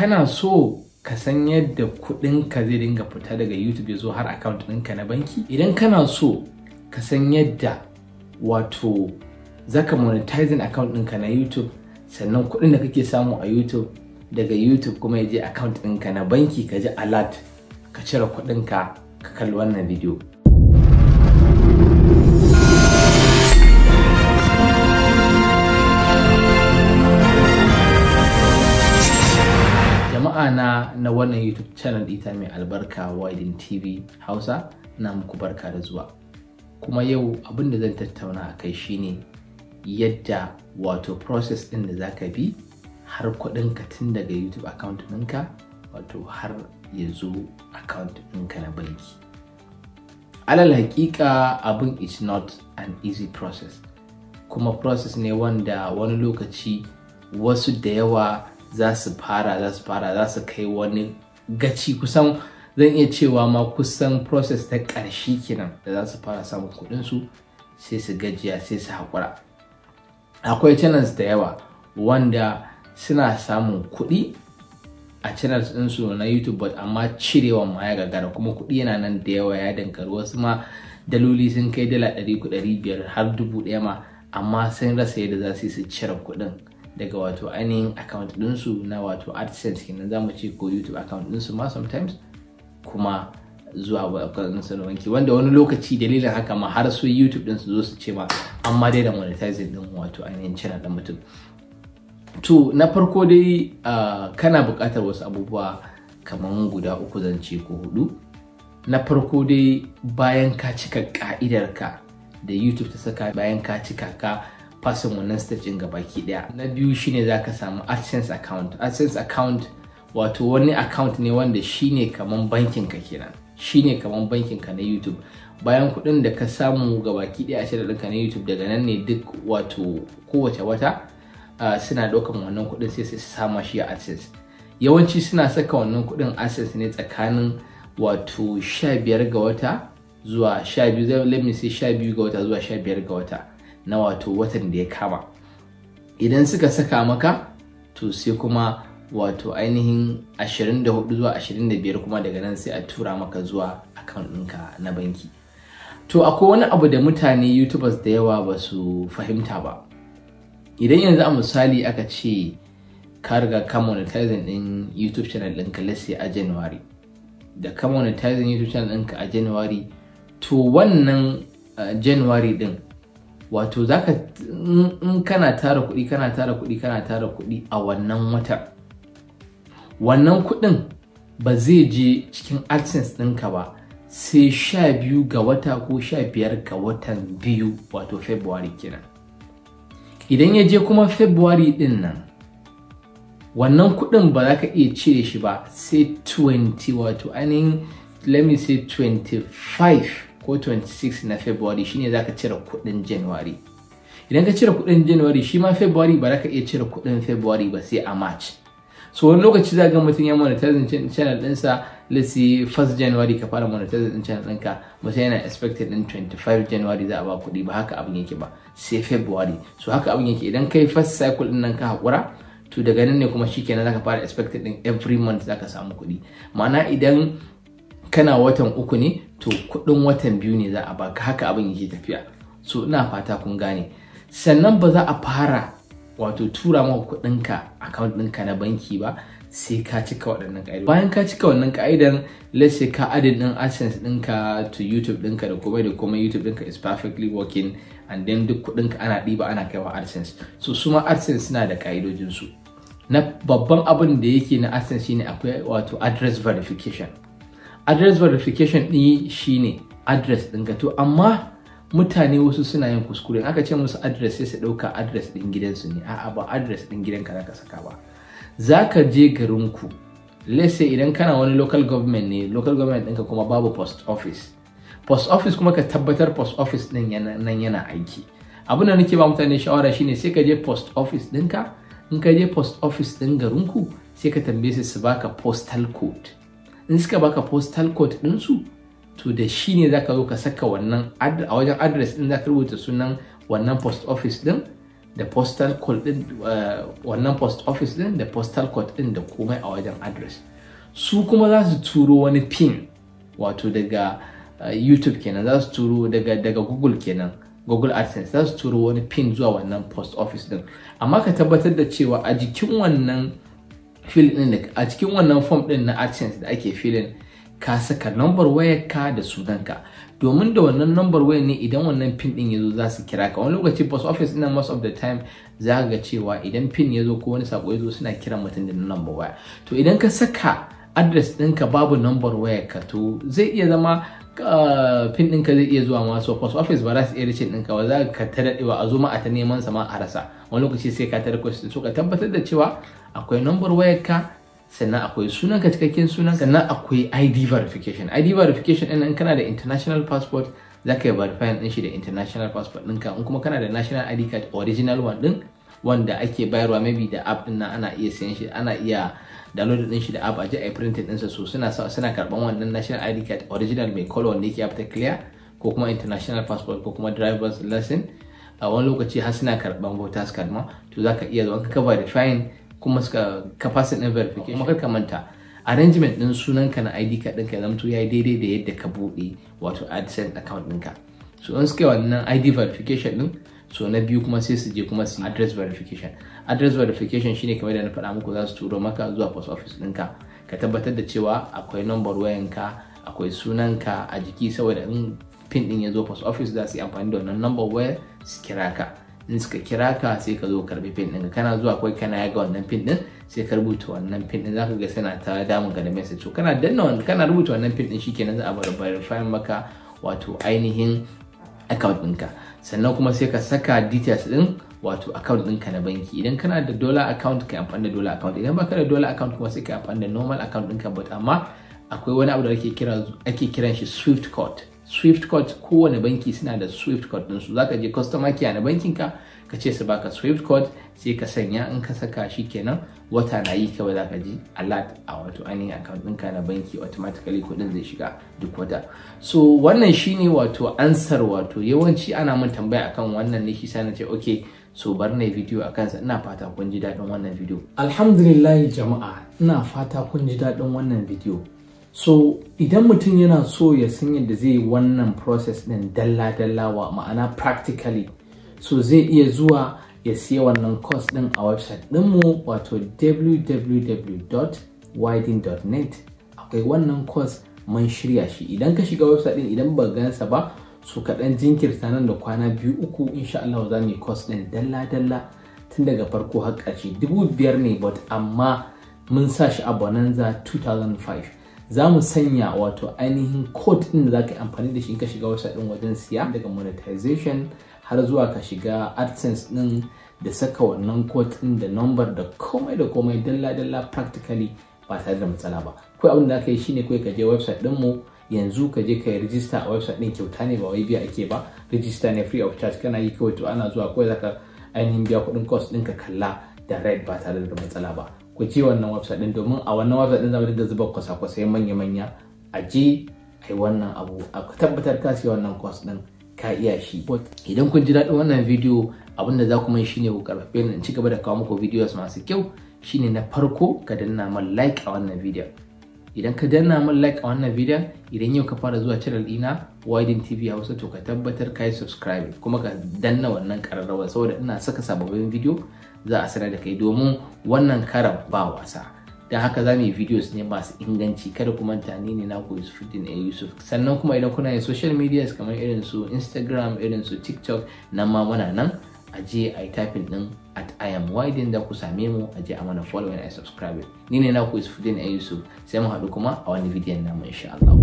kana so ka san yadda kuɗinka zai dinga fita daga youtube ya zo har account ɗinka na banki idan kana so ka san yadda wato zaka monetizing account ɗinka na youtube sannan kuɗin da kake samu a youtube daga youtube kuma ya je account ɗinka na banki ka ji alert ka cire kuɗinka ka kalli wannan bidiyo jama'ana na wannan youtube channel ita mai albarka widen tv hausa na muku barka da zuwa kuma yau abin da zan tattauna a kai shine yadda wato process ɗin da zaka bi har kuɗinka tun daga youtube account ɗinka wato har ya zo account ɗinka na banki alal hakika abin is not an easy process kuma process ne wanda wani lokaci wasu da yawa za su fara za su fara za su kai wani gaci kusan zan iya cewa ma kusan process ta ƙarshe kenan da za su fara samun kuɗinsu sai su gajiya sai su haƙura akwai channels da yawa wanda suna samun kuɗi a channels ɗinsu na youtube but amma cirewa ma ya gagara kuma kuɗi yana nan da yawa ya dankari wasu ma daloli sun kai dala ɗari biyar har dubu ɗaya ma amma sun rasa yadda za su yi su cire kuɗin daga wato ainihin account ɗinsu na wato AdSense kenan za mu ce ko YouTube account ɗinsu ma sometimes kuma zuwa wakilin sanar wanki wanda wani lokaci dalilin haka ma har su YouTube ɗin su zo su ce ma amma dai da monetizing ɗin wato ainihin cina ɗin mutum to na farko dai kana buƙatar wasu abubuwa kamar guda uku zan ce ko hudu na farko dai bayan ka cika ka'idar ka da YouTube ta saka bayan ka cika ka fasin wannan stage ga baki ɗaya na biyu shine za ka samu adsense account adsense account wato wani account ne wanda shine kaman bankin ka kenan shine kaman bankin ka na youtube bayan kuɗin da ka samu baki ɗaya a shirin ɗinka na youtube daga nan ne duk wato kowace wata uh, suna ɗaukan wannan kuɗin sai su sama shi a adsense yawanci suna saka wannan kuɗin adsense ne tsakanin wato 15 ga wata zuwa 12 let me say 12 ga wata zuwa 15 ga wata na wato watan da ya kama idan suka saka maka to sai kuma wato ainihin 24 zuwa 25 kuma daga nan sai a tura maka zuwa akan ɗinka na banki to akwai wani abu da mutane youtubers da yawa ba su fahimta ba idan yanzu a misali aka ce ka riga ka monetizing din youtube channel ɗinka lasi a january da ka monetizing youtube channel ɗinka a january to wannan eh, january din wato zaka in kana tara kuɗi kana tara kuɗi kana tara kuɗi a wannan wata. wannan kuɗin ba zai je cikin AdSense ɗinka ba sai sha biyu ga wata ko sha biyar ga watan biyu wato February kenan idan ya je kuma February ɗin nan wannan kuɗin ba za ka iya cire shi ba sai 20 wato ainihin let me say 25 ko 26 na February shine za ka cire kuɗin January. Idan ka cire kuɗin January shi ma February ba za ka iya cire kuɗin February ba sai a March. So wani lokaci za ga mutum ya monetizing channel ɗinsa let's say 1 January ka fara monetizing din channel ɗinka mutum yana expected ɗin 25 January za a ba kuɗi ba haka abin yake ba sai February. So haka abin yake idan kai first cycle ɗin nan ka hakura to daga nan ne kuma shikenan zaka fara expected din every month zaka samu kuɗi ma'ana idan kana watan uku ne to kudin watan biyu ne za a baka haka abin yake tafiya so ina fata kun gane sannan ba za a fara wato tura maka kudinka account ɗinka na banki ba sai ka cika waɗannan ka'idan. bayan ka cika wannan ka'idan let's say ka adin ɗin ɗinka to YouTube ɗinka da komai da komai YouTube ɗinka is perfectly working and then duk kuɗinka ana ɗiba ana kaiwa AdSense so suma AdSense suna da su na babban abin da yake na AdSense shine akwai wato address verification address verification ɗin shine address ɗin ka to amma mutane wasu suna yin kuskure aka ce musu address sai su ɗauka address ɗin gidansu ne a'a ba address ɗin gidanka zaka saka ba za ka je garinku let's say idan kana wani local government ne local government ɗinka kuma babu post office post office kuma ka tabbatar post office ɗin nan yana aiki abin da nake ba mutane shawara shine sai ka je post office ɗinka in ka je post office ɗin garinku sai ka tambaye su su baka postal code in suka baka postal code ɗinsu to da shi ne zaka zo ka saka wannan a wajen address ɗin zaka rubuta sunan wannan post office ɗin da postal code ɗin eh, wannan post office ɗin da postal code ɗin da komai a wajen adres? su kuma za su turo wani pin wato daga eh, youtube kenan za su turo daga daga google kenan Google AdSense za su turo wani pin zuwa wannan post office din amma ka tabbatar da cewa a jikin wannan Fil ɗin a cikin wannan form ɗin na AdSense da ake filin ka saka nambar wayar ka da sunanka domin da wannan nambar wayar ne idan wannan pin ɗin yazo za su kira ka wani lokaci post office ina most of the time za ga cewa idan pin yazo ko wani sako yazo suna kiran mutum da nambar waya to idan ka saka address ɗinka babu nambar wayar ka to zai iya zama pin ah, ɗinka zai iya zuwa masu post office ba za su iya ricin ɗinka ba za ka ta daɗewa a zoma a ta neman sama a rasa wani lokaci sai ka ta request so ka tabbatar da cewa akwai number wayar ka sannan akwai sunanka cikakken sunan sannan akwai ID verification ID verification ɗin in kana da international passport za ka yi verifying ɗin shi da international passport ka in kuma kana da national ID card original one ɗin wanda ake bayarwa maybe da app ɗin ana iya siyan shi ana iya download din shi da app a je a yi din ɗinsa so suna suna karban wannan national id card original mai color wanda yake after clear ko kuma international passport ko kuma driver's license a wani lokaci har suna karban voters card ma to zaka iya zuwa ka fine kuma suka capacity din verification kuma ka manta arrangement din sunanka na id card ɗinka ya zamto ya yi daidai da yadda ka buɗe wato adsense account ɗinka so in suka yi wannan id verification so na biyu kuma sai su je kuma su address verification address verification shine kamar da na faɗa muku za su turo maka zuwa post office ɗinka ka tabbatar da cewa akwai number wayanka akwai sunanka a jiki saboda in pin ɗin ya zo post office za su yi amfani da wannan number waya su kira ka in suka kira ka sai ka zo karbi pin ɗin kana zuwa akwai kana ya ga wannan pin ɗin sai ka rubuta wannan pin ɗin zaka ga sana ta damun ga da message so kana danna kana rubuta wannan pin ɗin shikenan za a verify maka wato ainihin account ɗinka sannan kuma sai ka saka details ɗin wato account ɗinka na banki idan kana da dollar account ka amfani da dollar account idan baka da dollar account kuma sai ka amfani da normal account ɗinka but amma akwai wani abu da ake kira ake kiran shi swift code swift code kowane banki suna da swift code ɗinsu zaka je customer care na bankin ka ka ce su baka swift code sai ka sanya in ka saka shi kenan wata na yi kawai zaka ji alert a wato ainihin account ɗinka na banki automatically kuɗin zai shiga duk wata so wannan shine wato ansar wato yawanci ana mun tambaya akan wannan ne shi sai na ce okay so bar na video a kansa ina fata kun ji daɗin wannan video alhamdulillah jama'a ina fata kun ji daɗin wannan video so idan mutum yana so ya san yadda zai yi wannan process din dalla-dalla wa ma'ana practically so zai iya zuwa ya siya wannan course din a website dinmu wato www.widen.net akwai wannan course mun shirya shi idan ka shiga website din idan ba gansa ba su kaɗan jinkirta nan da kwana biyu uku insha Allah za mu course din dalla-dalla tun daga farko har ƙarshe dubu biyar ne but amma mun sa shi a bonanza 2005 za mu sanya wato ainihin code din da za ka yi amfani da shi ka shiga wasa din wajen siya daga monetization har zuwa ka shiga adsense din da saka wannan code din da number da komai da komai dalla-dalla practically ba tare da matsala ba kawai abin da aka yi shine kawai ka je website mu yanzu ka je ka yi rijista a website ɗin kyauta ne ba wai biya ake ba rijista ne free of charge kana yi kawai to ana zuwa kawai zaka ainihin biya kuɗin course ɗin ka kalla direct ba tare da matsala ba ku je wannan website din domin a wannan website din zamu da zuba kwasa-kwasai manya-manya a je yi wannan abu a tabbatar ka siya wannan kwas din ka iya shi idan kun ji daɗin wannan abin da za ku mai shine ku karfafe ni in ci gaba da kawo muku videos masu kyau shine na farko ka danna man like a wannan bidiyon idan ka danna min like a wannan bidiyon idan yau ka fara zuwa channel dina widen tv hausa to ka tabbatar ka yi subscribe kuma ka danna wannan kararrawar saboda ina saka sababbin bidiyo za a sanar da kai domin wannan karan ba wasa don haka za mu yi videos ne masu inganci kada kuma manta ni ne ku Yusufuddin A Yusuf sannan kuma idan kuna yin social media kamar irin su Instagram irin su TikTok nan ma muna nan a je a yi typing din at I am widen da ku same mu a je a mana follow and subscribe ni ne na ku a Din Yusuf sai mu haɗu kuma a wani bidiyon namu insha Allah